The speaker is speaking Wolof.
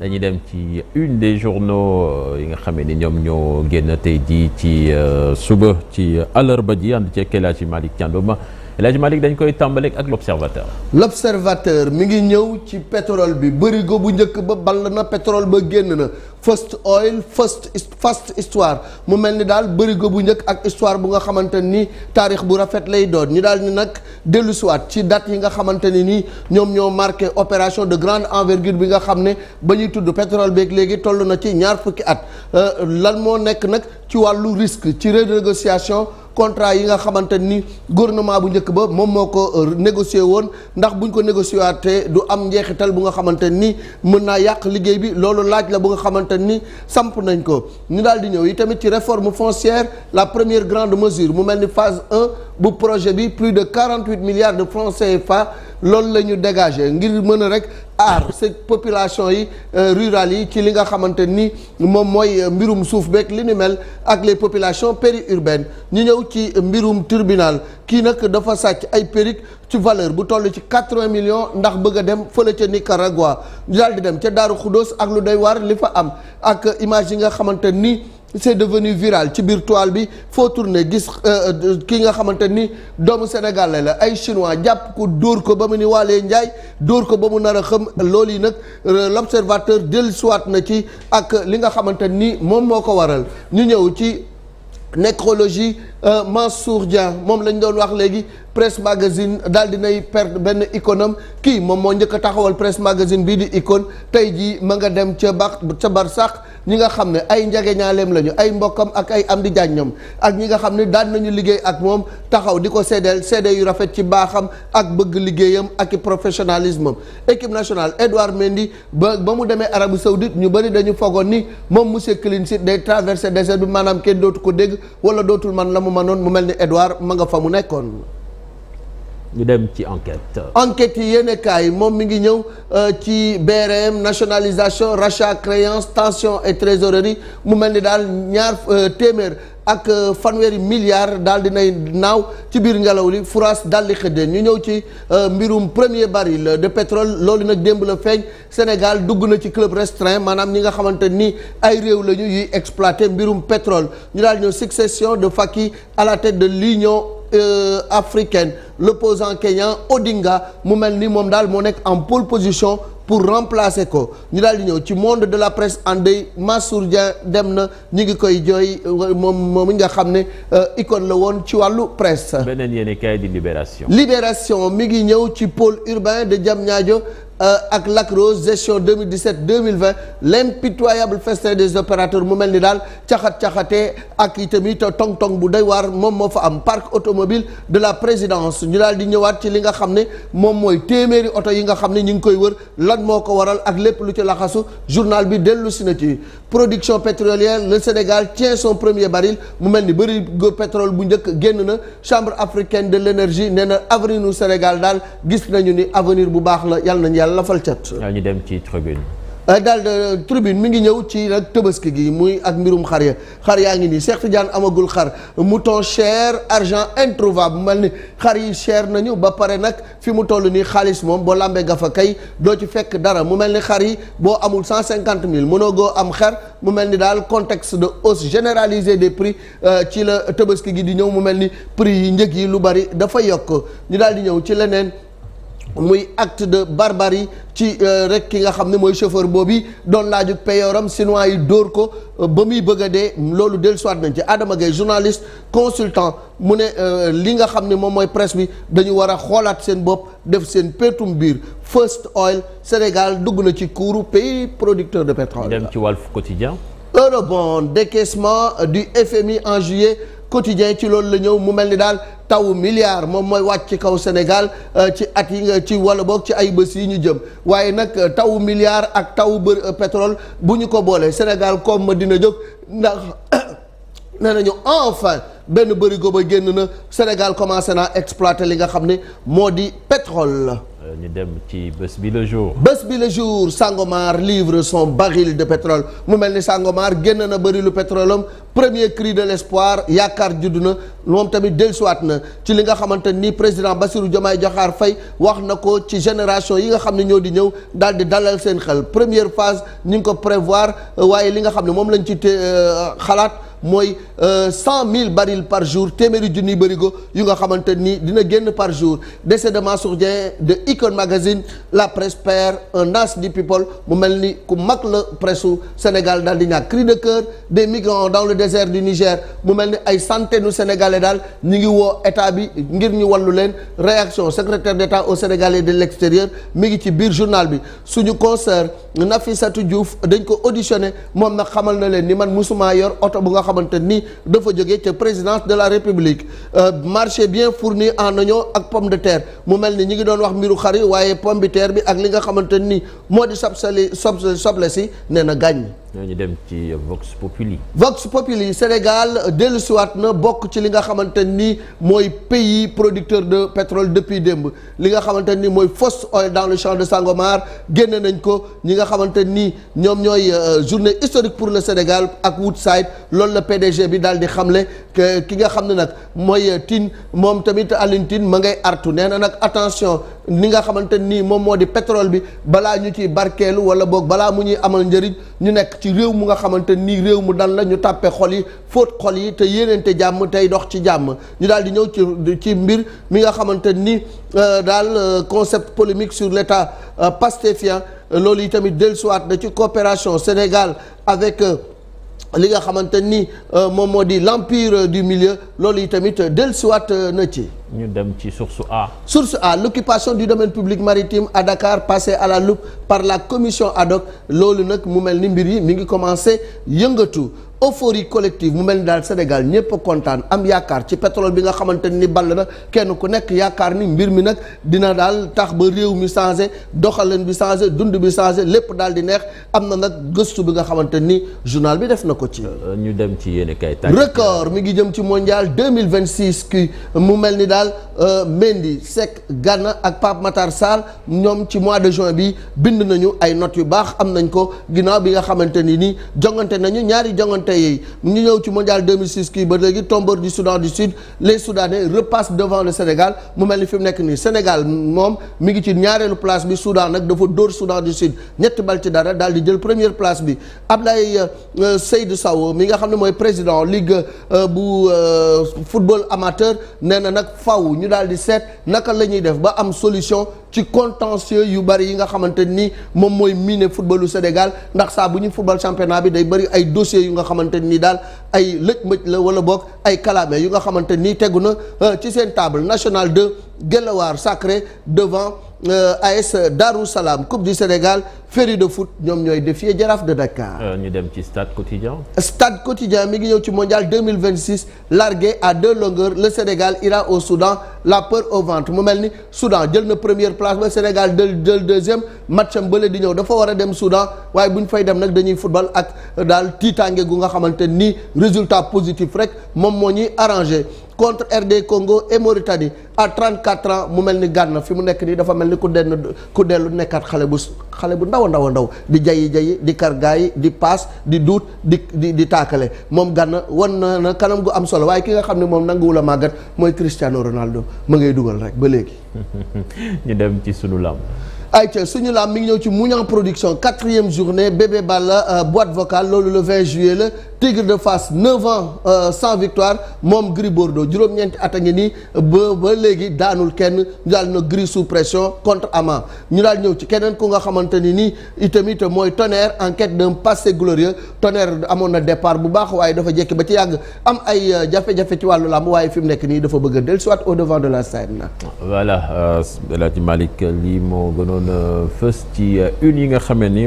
dañuy dem ci une des journaux euh, yi nga xamee ni ñoom ñoo génn tey jii ci euh, suba ci euh, àllarba ji ànd ceeg El Hadji Malick Thiandoum El Hadj Malick dañ koy tàmbaleeg ak l'observateur l'observateur mi ngi ñëw ci pétrole bi bërigo bu njëkk ba ball na pétrole ba génn na first oil fast first mu mel ni daal bërigo bu njëkk ak histoire bu nga xamante ni taarix bu rafet lay doon ñu daal ni nag dellu siwaat ci date yi nga xamante ni ñoom ñoo marqué opération de grande envergure bi nga xam ne ba ñuy tudd pétrole beeg léegi toll na ci ñaar fukki at euh, lan moo nekk nag ci wàllu risque ci renégociation contrat yi nga xamante ni gouvernement bu njëkk ba moom moo ko euh, négocier woon ndax buñ ko négocier waatee du am njeexital bu nga xamante ni mën naa yàq liggéey bi loolu laaj la bu nga xamante ni samp nañ ko ñu daal di ñëw yi tamit ci réforme foncière la première grande mesure mu mel ni phase 1 bu projet bi plus de 48 milliards de francs CFA loolu la ñu dégagé ngir mën a rek aar sa population yi euh, rurale yi ci li nga xamante ni moom mooy euh, mbirum suuf beeg li ni mel ak les populations périurbaines ñu ñëw ci mbirum tribunal kii nag dafa sàcc ay perruque ci valeur bu toll ci quatre-vingts millions ndax bëgg a dem fële ca Nicaragua ñu daal di dem ca Daaru Xudóos ak lu doy waar li fa am ak image yi nga xamante ni c'est devenu viral ci biir toile bi foo tourné gis euh, ki nga xamante ni doomu Sénégal la ay chinois jàpp ko dóor ko ba mu ni waalee njaay dóor ko ba mu nar a xam loolu yi nag euh, l'observateur soit na ci ak li nga xamante ni moom moo ko waral ñu ñëw ci nécrologie euh, Mansour Dia moom lañ doon wax léegi presse magasin daal di nay benn icône kii moom moo njëkk taxawal presse magasin bii di icône tey jii ma nga dem ca ba ca barsax ñi nga xam ne ay njegeñaaleem lañu ay mbokkam ak ay am di jàññam ak ñi nga xam ne daan nañu liggéey ak moom taxaw di ko seedeel seede yu rafet ci baaxam ak bëgg liggéeyam ak i professionnalisme national nationale Edouard Mendy ba ba mu demee Arabie Saoudite ñu bëri dañu fogoon ni moom monsieur Clean Sheet day traversé désert bi maanaam kenn dootu ko dégg wala dootul man la mu mënoon mu mel ni Edouard ma nga fa mu nekkoon. ñu dem ci enquête. enquête yi yéen kaay moom mi ngi ñëw euh, ci BRM nationalisation rachat créance tension et trésorerie mu mel ni daal ñaar euh, téeméer ak euh, fanweeri milliards daal dinay naaw ci biir ngelaw li France daal di xëddee ñu ñëw ci mbirum premier baril de pétrole loolu nag démb la feeñ Sénégal dugg na ci club restreint maanaam ñi nga xamante ni ay réew la ñu yuy exploité mbirum pétrole ñu daal ñëw succession de Macky à la tête de l'Union africaine. l'opposant kenyan Odinga mu mel ni moom daal moo nekk en pole position pour remplacer ko ñu daal di ñëw ci monde de la presse en deuil Massour Dieng dem na ñi ngi koy joy moom moom nga xam ne euh, icône la woon ci wàllu presse. beneen yéen kay di libération. libération mi ngi ñëw ci pôle urbain de Diamniadio. Euh, ak Lac Rose gestion 2017 2020 l'impitoyable festin des opérateurs mu mel ni daal caxat-caxatee ak itamit tong-tong bu doy waar moom moo fa am parc automobile de la présidence ñu daal di ñëwaat ci li nga xam ne moom mooy téeméeri oto yi nga xam ne ñu ngi koy wër lan moo ko waral ak lépp lu ci laxasu journal bi dellu si na ci production pétrolière le Sénégal tient son premier baril mu mel ni bëri pétrole bu njëkk génn na chambre africaine de l'énergie nee na avenir nu Sénégal daal gis nañu ni avenir bu baax la yàlla nañ yàlla yàlla lafal cat. ñu dem ci tribune. Euh, daal de euh, mi ngi ñëw ci nag tëbaski gi muy ak mbirum xar ya xar yaa ngi nii Cheikh Tidiane amagul xar mouton cher argent introuvable mel ni xar yi cher nañu ba pare nag fi mu toll nii xaalis moom boo lambee nga fa kay doo ci fekk dara mu mel ni xar yi boo amul cent cinquante mille mënoo goo am xar mu mel ni daal contexte de hausse généraliser des prix euh, ci la tëbaski gi di ñëw mu mel ni prix yi njëg yi lu bari dafa yokk ñu daal di ñëw ci leneen. muy acte de barbarie ci euh, rek ki nga xam ne mooy chauffeur boobu doon laaju payoram chinois yi dóor ko euh, ba muy bëgg a dee loolu dellusiwaat nañ ci Adama Gaye journaliste consultant mu ne euh, li nga xam ne moom mooy presse bi dañu war a xoolaat seen bopp def seen pétum biir First Oil Sénégal dugg na ci kuuru pays producteur de pétrole. dem ci Walf Quotidien. eurobond décaissement du FMI en juillet. quotidien ci loolu la ñëw mu mel ni daal taw milliard moom mooy wàcc ci kaw Sénégal euh, ci at yi nga ci wala boog ci ay bës yi ñu jëm waaye nag euh, tawu milliard ak taw bër euh, pétrole bu ñu ko boolee Sénégal comme dina jóg ndax nee nañu enfin benn bërigo ba génn na Sénégal commencé naa exploiter li nga xam ne moo di pétrole. Euh, ñu dem ci bés bi le jour. bés bi le jour Sangomar livre son baril de pétrole mu mel ni Sangomar génn na barilu pétrole am premier cri de l'espoir yaakaar juddu na moom tamit dellusiwaat na ci li nga xamante ni président Bassirou Diomaye Diakhar Faye wax na ko ci génération yi nga xam ne ñoo di ñëw daal di dalal seen xel première phase ñu ngi ko prévoir waaye li nga xam ne moom lañ ci euh, xalaat. mooy euh, cent mille barils par jour téeméeri junni bërigo yu nga xamante nii dina génn par jour décès de Mansour Dieng de Icon Magazine la presse perd un as mu mel ni ku mag la presse su Sénégal daal di ñàkk cri de cœur des migrants dans le désert du Niger mu mel ni ay centaines nu sénégalais daal ñu ngi woo état bi ngir ñu wallu leen réaction secrétaire d'État aux Sénégalais de l'extérieur mi ngi ci biir journal bi suñu concert Nafisatou Diouf dañ ko auditionné moom nag xamal na leen ni man musuma yor oto bu nga xamante ni dafa jóge ca présidence de la république euh, marché bien fourni en oignon ak pomme de terre mu mel ni ñi ngi doon wax mbiru xar waaye pomme de terre bi ak li nga xamante ni moo di sob sali soble si nee na gàññ ñoo ñu dem ci Vox Populi. Vox Populi Sénégal dellusiwaat na bokk ci li nga xamante nii mooy pays producteur de pétrole depuis démb li nga xamante ni mooy fosse oil dans le champ de Sangomar génn nañ ko ñi nga xamante nii ñoom ñooy euh, journée historique pour le Sénégal ak Woodside loolu la PDG bi daal di xamle ki nga xam ne nag mooy euh, Tine moom tamit Alioune Tine ma ngay artu nee na nag attention ni nga xamante ni moom moo di pétrole bi balaa ñu ciy barkeelu wala boog balaa mu ñuy amal njëriñ ñu nekk. ci réew mu nga xamante ni réew mu dal la ñu tàppe xol yi fóot xol yi te yéeneente jàmm tey dox ci jàmm ñu daal di ñëw ci ci mbir mi nga xamante ni euh, daal euh, concept polémique sur l'état euh, fian loolu yi tamit dellusiwaat na ci coopération Sénégal avec li nga xamante ni euh, moom moo di l'empire du milieu loolu yi tamit dellusiwaat euh, na ci. ñu dem ci source A. source A l'occupation du domaine public maritime à Dakar passée à la loupe par la commission ad hoc loolu nag mu mel ni mbir yi mi ngi commencé yëngatu. euphorie collective mu mel ni daal Sénégal ñëpp a kontaan am yaakaar ci pétrole bi nga xamante ni ball na kenn ku nekk yaakaar ni mbir mi nag dina daal tax ba réew mi changé doxalin bi changé dund bi changé lépp daal di neex am na nag gëstu bi nga xamante ni journal bi def na ko ci. Euh, ñu dem ci yéen kay record mi ngi jëm ci mondial deux mille vingt six ki mu mel ni daal euh, Mendy Seck Gana ak Pape Matar Sarr ñoom ci mois de juin bi bind nañu ay not yu baax am nañ ko ginnaaw bi nga xamante ni nii jongante nañu ñaari jongante. tey yi ñu ñëw ci mondial 2006 kii ba léegi tombeur du Soudan du Sud les Soudanais repassent devant le Sénégal mu mel ni fi mu nekk nii Sénégal moom mi ngi ci ñaareelu place bi Soudan nag dafa dóor Soudan du Sud ñett bal ci dara daal di jël première place bi Ablaye euh, euh, Seydou sawo mi nga xam ne mooy président ligue euh, bu football amateur nee na nag faw ñu daal di seet naka la ñuy def ba am solution ci contentieux yu bari yi nga xamante ni moom mooy miné footballu Sénégal ndax saa bu ñu football championnat bi day bëri ay dossiers yu nga xamante ni daal ay lëj-mëj la wala boog ay kalaame yu nga xamante ni tegu na euh, ci seen table nationale de Guelwaar sacré devant Euh, AS Darou Salam Coupe du Sénégal féri de foot ñoom ñooy défier Jaraaf de Dakar. Euh, ñu dem ci stade quotidien. stade quotidien mi ngi ñëw ci mondial 2026 largué à deux longueurs le Sénégal ira au Soudan la peur au ventre mu mel ni Soudan jël na première place ba Sénégal jël deuxième match am bële di ñëw dafa war a dem Soudan waaye bu ñu fay dem nag dañuy football ak daal tiitaange gu nga xamante ni résultat positif rek moom moo ñuy arrangé. contre RD Congo et Mauritanie à 34 ans mu mel ni gànn fi mu nekk nii dafa mel ni ku denn ku dellu nekkaat xale bu xale bu ndaw a ndaw a ndaw di jayi jayi di kargaay di paas di duut di di di taakale moom gànn wan na na kanam gu am solo waaye ki nga xam ne moom nanguwul la màggat mooy Cristiano Ronaldo ma ngay dugal rek ba léegi. ñu dem ci sunu lamb. ayca suñu laam mi ngi ñëw ci Mouniang production quatrième journée bébé Balla euh, boîte vocale loolu le 20 juillet la Tigre de Fass 9 ans euh, sans victoire moom Gris Bordeaux juróom-ñeenti at a ngi nii ba ba léegi daanul kenn ñu daal na Gris sous pression contre Ama ñu daal ñëw ci keneen ku nga xamante ni nii itamit mooy Tonnerre en quête d'un passé glorieux Tonnerre amoon na départ bu baax waaye dafa jekki ba ci yàgg am ay euh, jafe-jafe ci wàllu làmb waaye fi mu nekk nii dafa bëgg a dellu soit au devant de la scène. voilà euh, El Hadj Malick lii moo gënoon fës ci une yi